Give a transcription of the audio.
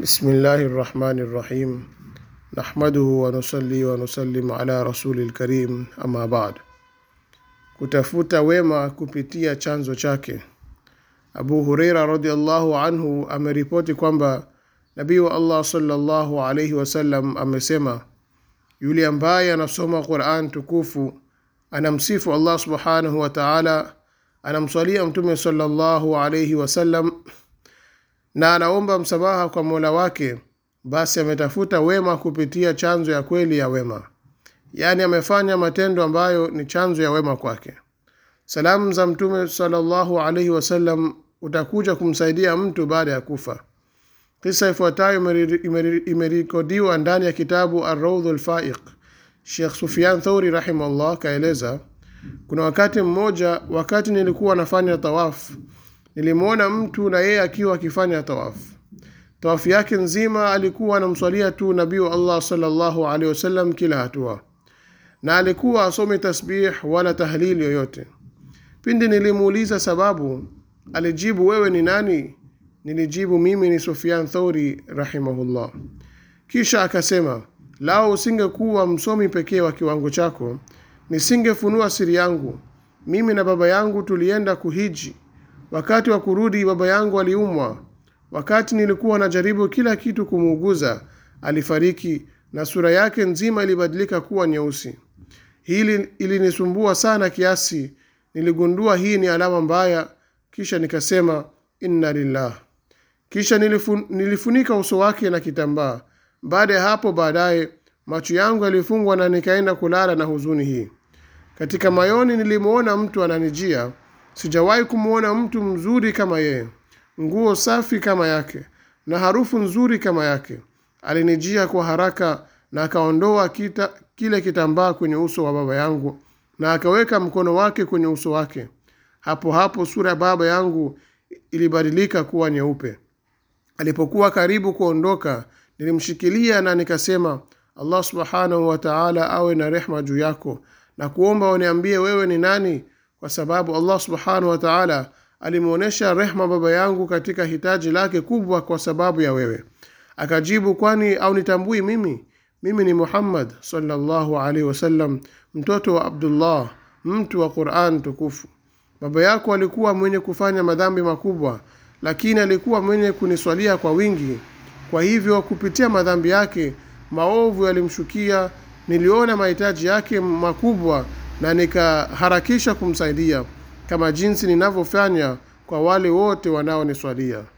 بسم الله الرحمن الرحيم نحمده ونصلي ala rasuli lkarim ama bad kutafuta wema kupitia chanzo chake abu hureira radiallahu anhu ameripoti kwamba nabii wa allah salllahu alaihi wasallam amesema yule ambaye anasoma quran tukufu anamsifu allah subhanahu wa taala anamswalia mtume salllahu alaihi wasallam na anaomba msamaha kwa Mola wake basi ametafuta wema kupitia chanzo ya kweli ya wema yaani amefanya matendo ambayo ni chanzo ya wema kwake salamu za mtume sallallahu alaihi wasallam utakuja kumsaidia mtu baada ya kufa kisa ifuatayo imerikodiwa ndani ya kitabu arraudhu lfaiq shekh sufian thauri rahimahullah kaeleza kuna wakati mmoja wakati nilikuwa nafanya tawafu nilimwona mtu na yeye akiwa akifanya tawafu tawafu yake nzima alikuwa anamswalia tu nabii wa allah salllahu alehi wasallam kila hatua na alikuwa asome tasbih wala tahlili yoyote pindi nilimuuliza sababu alijibu wewe ni nani nilijibu mimi ni sufian thauri rahimahullah kisha akasema lao usingekuwa msomi pekee wa kiwango chako nisingefunua siri yangu mimi na baba yangu tulienda kuhiji Wakati wa kurudi baba yangu aliumwa. Wakati nilikuwa najaribu kila kitu kumuuguza, alifariki na sura yake nzima ilibadilika kuwa nyeusi. Hili ilinisumbua sana kiasi niligundua hii ni alama mbaya, kisha nikasema inna lillah. Kisha nilifun, nilifunika uso wake na kitambaa. Baada ya hapo baadaye macho yangu yalifungwa na nikaenda kulala na huzuni hii. Katika mayoni nilimuona mtu ananijia Sijawahi kumwona mtu mzuri kama yeye, nguo safi kama yake na harufu nzuri kama yake. Alinijia kwa haraka na akaondoa kita, kile kitambaa kwenye uso wa baba yangu na akaweka mkono wake kwenye uso wake. Hapo hapo sura ya baba yangu ilibadilika kuwa nyeupe. Alipokuwa karibu kuondoka, nilimshikilia na nikasema, Allah subhanahu wa taala awe na rehma juu yako na kuomba uniambie wewe ni nani kwa sababu allah subhanahu wa taala alimwonyesha rehma baba yangu katika hitaji lake kubwa kwa sababu ya wewe akajibu kwani au nitambui mimi mimi ni muhammad sallallahu alaihi wasallam mtoto wa abdullah mtu wa quran tukufu baba yako alikuwa mwenye kufanya madhambi makubwa lakini alikuwa mwenye kuniswalia kwa wingi kwa hivyo kupitia madhambi yake maovu yalimshukia niliona mahitaji yake makubwa na nikaharakisha kumsaidia kama jinsi ninavyofanya kwa wale wote wanaoniswalia.